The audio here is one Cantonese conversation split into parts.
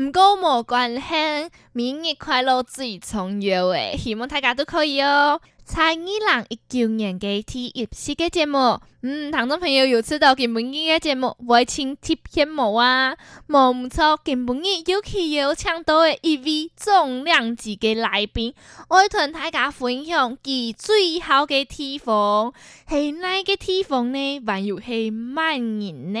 唔過無，冇關係，明日快樂最重要誒！希望大家都可以哦、喔。二零一九年嘅第一集嘅節目，嗯，聽眾朋友有知道健步的嘅節目，歡迎貼片膜啊！冇錯，健步你又去邀請到一位重量級嘅來賓，我同大家分享佢最好嘅地方，係哪個地方呢？還有係萬延呢？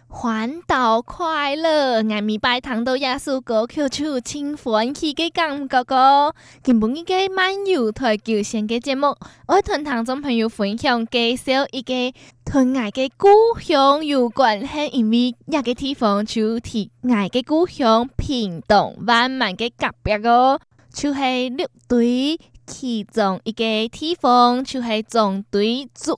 元旦快樂，俺們拜堂到耶穌國，跳出清歡喜個感覺個，今天我們有台球上個的節目，愛團堂眾朋友分享介紹一個同崖嘅故鄉有關，因為一個地方就替崖嘅故鄉屏東萬巒嘅隔壁哦，就係六堆其中一個地方，就係中堆組。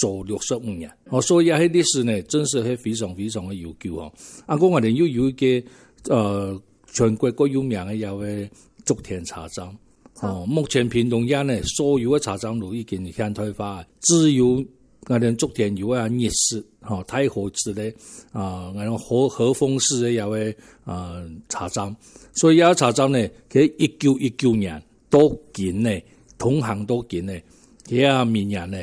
做六十五年，哦，所以也係啲歷史呢，真是非常非常嘅悠久哦。阿哥，我哋又有一個誒、呃，全國個有名的一位竹田茶莊、嗯。哦，目前屏東縣呢，所有的茶莊都已經現代化，只有我哋竹田有啊歷史，哦，太、呃、和寺咧，啊，我哋和和風寺的一位啊茶莊，所以阿茶莊呢，佢一九一九年都建呢，同行都建呢，而且明年呢。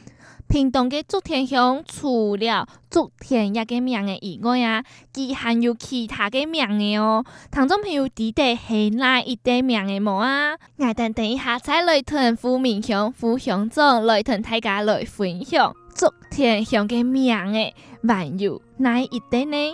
屏東的竹田鄉除了竹田一個名以外，啊，佮含有其他的名嘅哦。聽眾朋友，你哋係哪一啲名嘅嗎啊？等等一下，再來屯富面鄉、副鄉長、來屯大家分、來富鄉、竹田鄉嘅名嘅，還有哪一啲呢？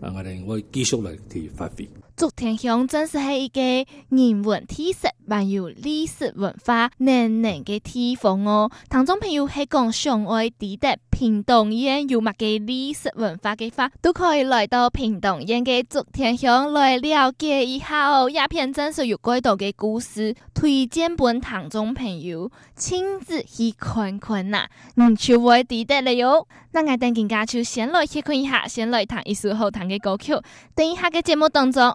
啊！我哋會繼續嚟去發揮。竹田鄉真是係一個人文特色伴有歷史文化濃濃的地方哦。聽眾朋友係講，想愛抵達屏東縣有物嘅歷史文化嘅話，都可以來到屏東縣的竹田鄉來了解一下哦。鴉片真實有高度的故事，推薦本塘眾朋友親自去看看呐、啊。唔少位弟弟了喲，那我等陣家就先來去看一下，先來談一首好聽的歌曲。等一下嘅節目當中。